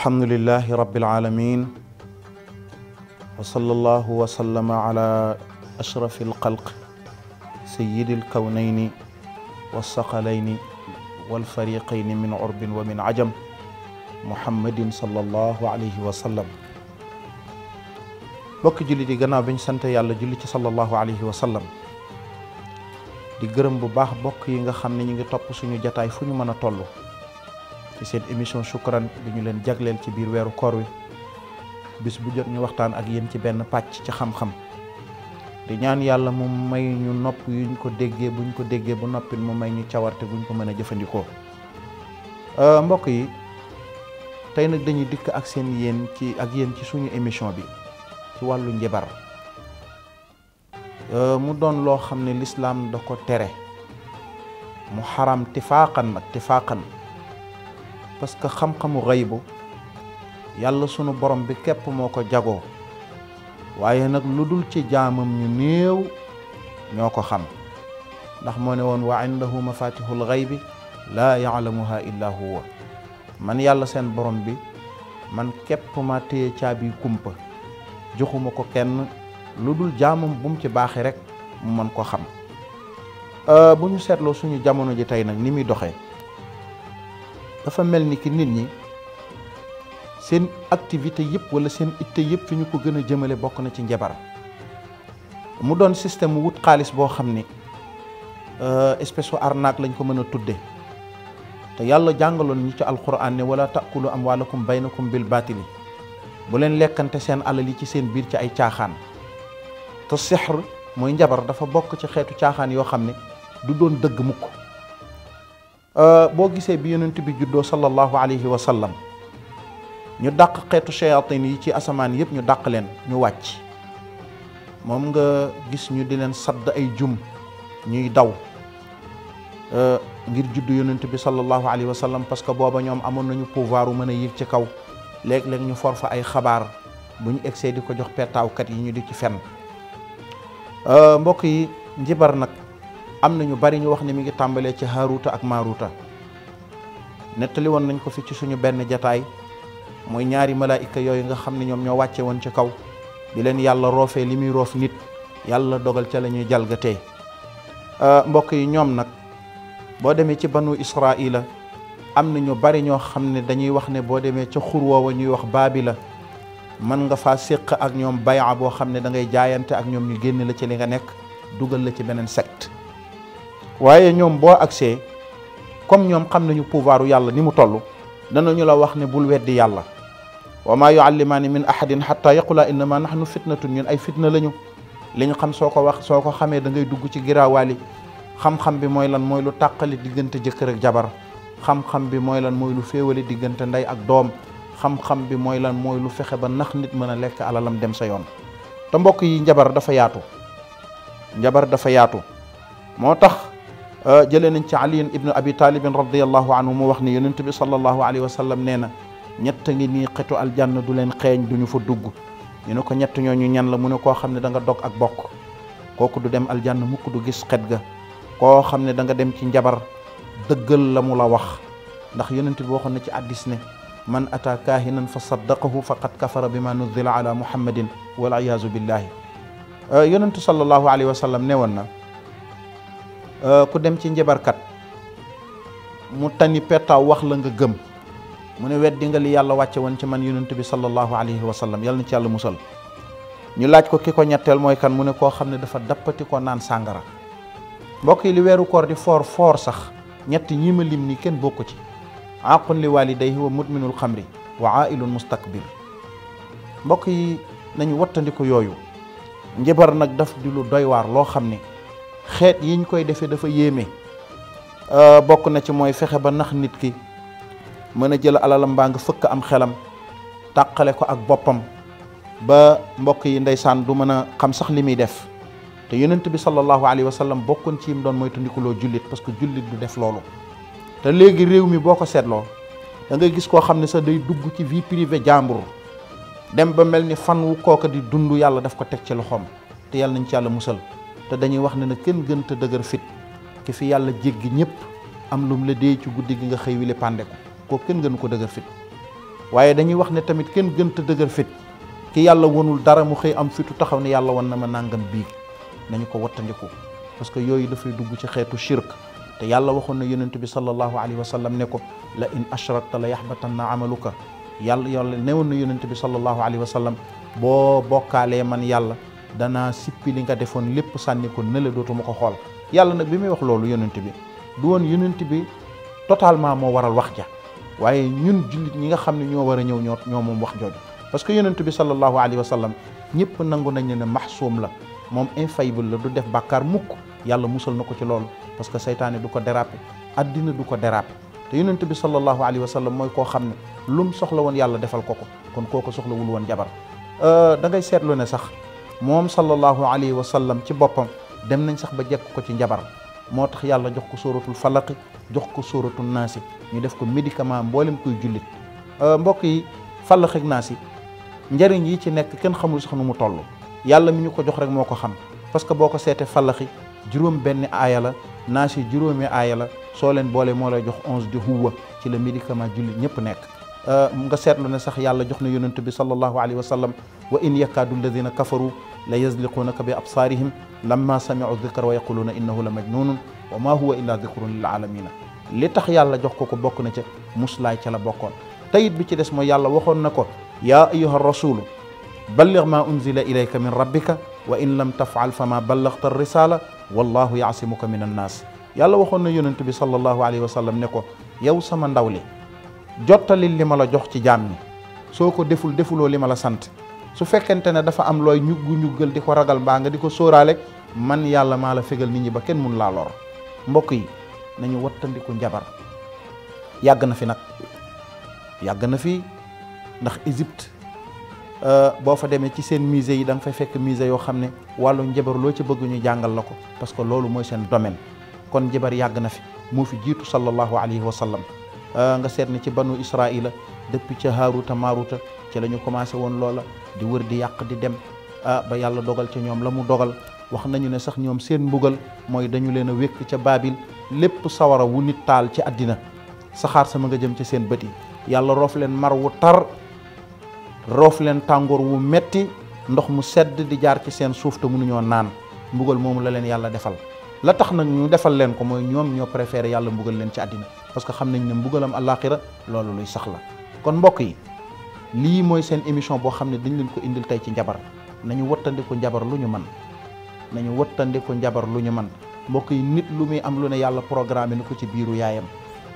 alhamdulilahi rabbil aalamiin wa sallallahu wa sallama ala ashrafi alxalq sayyidi alkawnayni walsaqalayni walfariqayni min urbin wa min ajam muhammadin sallallahu alayhi wa sallam bokk julli di gannaaw bi ñu sant yàlla julli ci sallallahu alayhi wa sallam di gërëm bu baax bokk yi nga xam ne ñu ngi topp suñu jataay fu ñu mën a toll ci seen émission Shukran bi ñu leen jagleel ci biir weeru kor wi bis bu jot ñu waxtaan ak yéen ci benn pàcc ci xam-xam di ñaan yàlla mu may ñu nopp yuñ ko déggee buñ ko déggee bu noppit mu may ñu cawarte buñ ko mën a jëfandikoo euh, mbokk yi tey nag dañuy dikk ak seen yéen ci ak yéen ci suñu émission bi ci wàllu njibar euh, mu doon loo xam ne lislaam da ko tere mu xaram tifaaqan nag tifaaqan parce que xam-xamu xaybu yàlla sunu borom bi képp moo ko jagoo waaye nag lu dul ci jaamam ñu néew ñoo ko xam ndax moo ne woon wa indahu mafatihul xaybi laa yaalamuha illa huwa man yàlla seen borom bi man képp ma téye caabi kumpa joxuma ko kenn lu dul jaamam bu mu ci baaxee rek mu mën ko xam euh, bu ñu seetloo suñu jamono ji tey nag ni muy doxee dafa mel ni ki nit ñi seen activité yëpp wala seen itte yëpp fu ñu ko gën a jëmale bokk na ci njabar mu doon système wut xaalis boo xam ni euh, espèce u arnaque lañ ko mën a tudde te yàlla jàngaloon ñu ci alquran ne wala taakulu na baynakum bil baatili bu leen lekkante seen alal yi ci seen biir ci ay caaxaan te sixr mooy njabar dafa bokk ci xeetu caaxaan yoo xam ne du doon dëgg mukk Euh, boo gisee bi yonent bi juddoo sallallahu alayhi wa sallam ñu dàq xeetu shayatin yi ci asamaan yëpp ñu dàq leen ñu wàcc moom nga gis ñu di leen sadd ay jum ñuy daw euh, ngir juddu yonent bi sallallahu alayhi wa sallam parce que booba ñoom amoon nañu pouvoir u mën a yéeg ci kaw léeg-léeg ñu for fa ay xabaar bu ñu egsee di ko jox pettaawkat yi ñu di ci fenn euh, mbokk yi njibar nag am na ñu bari ñu wax ne mi ngi tàmbalee ci Haaruta ak Maaruta nettali woon nañ ko fi ci suñu benn jataay mooy ñaari malaayika yooyu nga xam ne ñoom ñoo wàcce woon ci kaw di leen yàlla roofee li muy roof nit yàlla dogal ca la ñuy jalgatee euh, mbokk yi ñoom nag boo demee ci banu Israila am na ñu bari ñoo xam ne dañuy wax ne boo demee ca xur woowa ñuy wax baabi la mën nga faa séq ak ñoom baya boo xam ne da ngay jaayante ak ñoom ñu génn la ci li nga nekk dugal la ci beneen secte waaye ñoom boo agsee comme ñoom xam nañu pouvoiru yàlla ni mu toll danañu la wax ne bul weddi yàlla wa maa yuallimaani min ahadin xatta yaqula innama nahnu fitnatun ñun ay fitna lañu li ñu xam soo ko wax soo ko xamee da ngay dugg ci giraawaali xam bi mooy lan mooy lu tàqali diggante jëkkër ak jabar xam-xam bi mooy lan mooy lu féewale diggante ndey ak doom xam-xam bi mooy lan mooy lu fexe ba nax nit mën a lekk alalam dem sa yoon te mbokk yi jabar dafa yaatu jabar dafa yaatu moo tax Euh, jëlee nañ ci Ali ibnu Abi Talib radiyallahu anhu mu wax ni yonent bi sallallahu alayhi wa sallam nee na ñett ngi nii xetu aljanna du leen xeeñ du ñu fa dugg ñu ne ko ñett ñooñu ñan la mu ne koo xam ne danga dog ak bokk kooku du dem aljanna mukk du gis xet ga koo xam ne da nga dem ci njabar dëggal la mu la wax ndax yonent bi waxoon na ci addis ne man ata kaahinan fa saddaqahu faqad kafara bima nuzila ala muhammadin wal iyaazu billahi euh, yonentu sallallahu alayhi wa sallam ne woon na Euh, ku dem ci njabarkat mu tani pettaaw wax la nga gëm mu ne weddi nga li yàlla wàcce woon ci man yonent bi sallallahu alayhi wa yàlla na ci yàlla musal ñu laaj ko ki ko ñetteel mooy kan mu ne koo xam ne dafa dappati ko naan sàngara mbokk yi li weeru koor di foor foor sax ñetti ñii ma lim ni kenn bokku ci aqun li walidayhi wa mudminul xamri wa ailun mustakbir mbokk yi nañu wattandiko yooyu njabar nag daf di lu doy waar loo xam ne xeet yiñ koy defee dafa yéeme euh, bokk na ci mooy fexe ba nax nit ki mën a jël alalam mbaa nga fëkk am xelam tàqale ko ak boppam ba mbokk yi ndeysaan du mën a xam sax li muy def te yonent bi sallallahu alayhi wa sallam bokkoon ci yim doon mooy tundikuloo jullit parce que jullit du def loolu te léegi réew mi boo ko seetloo da gis koo xam ne sax day dugg ci vie privée jàmbur dem ba mel ni fan wu kooka di dund yàlla daf ko teg ci loxoom te yàlla nañ ci yàlla musal te dañuy wax ne na kenn gën te dëgër fit ki fi yàlla jéggi ñëpp am lu mu la dee ci guddi gi nga xëy wi le ko kenn gënu ko dëgër fit waaye dañuy wax ne tamit kenn gën te dëgër fit ki yàlla wonul dara mu xëy am fitu taxaw ne yàlla wan na ma nàngam bii nañu ko wattandiku parce que yooyu dafay dugg ci xeetu shirk te yàlla waxoon na yonent bi sallallahu alayhi wa sallam ne ko la in ashrakta la yaxbatanna amaluka yàlla yàlla newoon na yonent bi sallallahu alayhi wa sallam boo bokkaalee man yàlla danaa sippi li nga defoon lépp sànni ko nële dootuma ko xool yàlla nag bi muy wax loolu yonent bi du woon yonent bi totalement moo waral wax ja waaye ñun jullit ñi nga xam ne ñoo war a ñëw ñoo ñoo moom wax jooju parce que yonent bi sallallahu alayhi wa sallam ñëpp nangu nañ ne maxsuum la moom infaillible la du def bàkkaar mukk yàlla musal na ko ci loolu parce que seytaane du ko déraper addina du ko déraper te yonent bi sallallahu alayhi wa sallam mooy koo xam ne lum soxla woon yàlla defal ko ko kon koo ko soxlawul woon jabar euh, da ngay seetlu ne sax moom sallallahu alayhi wa sallam ci boppam dem nañ sax ba jekk ko ci njabar moo tax yàlla jox ko sóoratul falaq jox ko sóoratul naasi ñu def ko médicament mboolem kuy jullit euh, mbokk yi falaq ak naasi njariñ yi ci nekk kenn xamul sax nu mu toll yàlla mi ñu ko jox rek moo ko xam parce que boo ko seetee fallaxi juróom benn aaya la naasi juróomi aaya la soo leen boole moo lay jox onze di huwa ci la médicament jullit ñëpp nekk euh, nga seetlu ne sax yàlla jox na yonent bi sallallahu alayhi wa sallam wa in yakaadu alladina kafaru la yasliquunaka bi absaarihim lamma samiu dikra wa yaquluuna innahu la majnunun wa ma huwa illa dikrun lil alamina li tax yàlla jox ko ko bokk na ca muslaay ca la bokkoon tayit bi ci des mooy yàlla waxoon na ko yaa ayyuha rasulu balligh ma unzila ilayka min rabbika wa in lam tafal fa ma ballaghta risala wallahu yaasimuka min annaas yàlla waxoon na yonent bi sallallahu alayhi wa sallam ne ko yow sama ndaw li jottalil li ma la jox ci jaam ñi soo ko deful defuloo li ma la sant su fekkente ne dafa am looy ñuggu ñuggal di ko ragal mbaa nga di ko sóoraale man yàlla maa la fegal nit ñi ba kenn mun laa lor mbokk yi nañu wattandiku njabar yàgg na fi nag yàgg na fi ndax Égypte euh, boo fa demee ci seen musée yi danga nga fay fekk musée yoo xam ne wàllu njabar loo ci bëgguñu jàngal la ko parce que loolu mooy seen domaine kon njabar yàgg na fi moo fi jiitu sallallahu alayhi wa sallam euh, nga seet ne ci banu Israila depuis ca Haaruta Maaruta ci lañu ñu commencé woon loola di wër di yàq di dem ah ba yàlla dogal ci ñoom la mu dogal wax nañu ne sax ñoom seen mbugal mooy dañu leen a wékk ca baabil lépp sawara wu taal ci àddina saxaar sama nga jëm ci seen bët yi yàlla roof leen mar wu tar roof leen tàngoor wu metti ndox mu sedd di jaar ci seen suuf te mënuñoo naan mbugal moomu la leen yàlla defal la tax nag ñu defal leen ko mooy ñoom ñoo préféré yàlla mbugal leen ci àddina parce que xam nañ ne mbugalam àllaaxira loolu luy sax la kon mbokk yi lii mooy seen émission boo xam ne dañ leen ko indil tey ci njabar nañu wattandiku njabar lu ñu man nañu wattandiku njabar lu ñu man mbokk yi nit lu muy am lu ne yàlla programme na ko ci biiru yaayam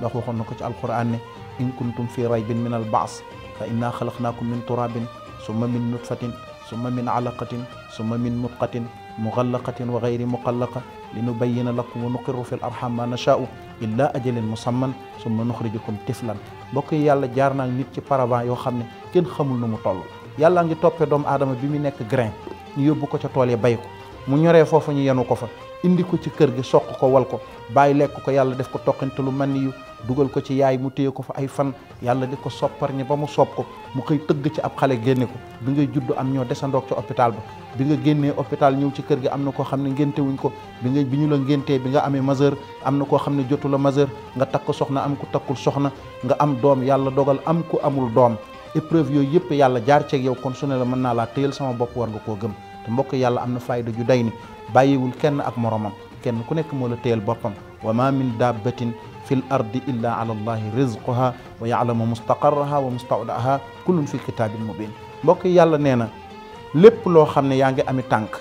ndax waxoon na ko ci alquran ne in kuntum fii raybin min al baas fa inna xalaqnaakum min turabin summa min nutfatin summa min alaqatin summa min mudqatin muxallaqatin wa gayri muxallaqa nu bay linubayyina lakum wa nuqirru fil arham ma nashaa'u illa ajalin musamman summa nuxrijukum tiflan mbokk yi yàlla jaar naa nit ci paravent yoo xam ne kenn xamul nu mu toll yàlla ngi toppe doomu aadama bi mu nekk grain ñu yóbbu ko ca tool ya bay ko mu ñoree foofu ñu yenu ko fa indi ko ci kër gi soq ko wal ko bàyyi lekk ko yàlla def ko toqante lu man yu dugal ko ci yaay mu téye ko fa ay fan yàlla di ko soppar ñi ba mu soob ko mu koy tëgg ci ab xale génne ko bi ngay juddu am ñoo desandoog ci hôpital bi nga génnee hôpital ñëw ci kër gi am na koo xam ne ngénte ko bi nga bi ñu la ngéntee bi nga amee majeur am na koo xam ne jotu la majeur nga takk soxna am ku takkul soxna nga am doom yàlla dogal am ku amul doom épreuve yooyu yëpp yàlla jaar ceeg yow kon su la mën naa laa téyal sama bopp war nga koo gëm mbokk yàlla am na fayda ju day ni wul kenn ak moromam kenn ku nekk moo la téyel boppam wa ma min dabbatin fi l ardi illa ala allahi rizquha wa yaalamu mustaqarraha wa mustawdaaha kullun fi kitabin mubin mbokk yàlla nee na lépp loo xam ne yaa ngi ami tànk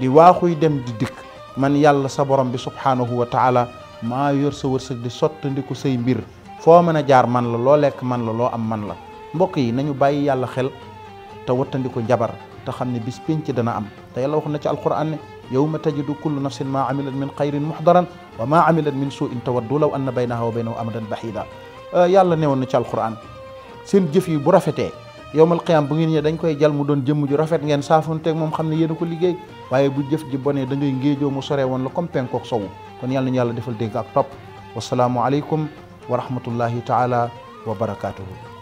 di waaxuy dem di dikk man yàlla sa borom bi subhaanahu wa taala ma yor sa wërsëg di sottandiku say mbir foo mën a jaar man la loo lekk man la loo am man la mbokk yi nañu bàyyi yàlla xel te wattandiku jabar te xam ne bis pénc dana am yow yawma tajidu kullu nafsin maa amilat min xayrin muxdaran wa maa amilat min suuin tawaddu law anna baynaha wa baynahu amadan baxida yàlla newoon na ci alquran seen jëf yi bu rafetee yowmal qiyaam bu ngeen ñëwee dañ koy jal mu doon jëmm ju rafet ngeen saafonteeg moom xam ne yéen ko liggéey waaye bu jëf ji bonee da ngay ngéejoo mu sore woon la comme penkook sowu kon yàlla nañu defal dégg ak topp wasalaamu aleykum wa rahmatullahi taala wa barakaatuhu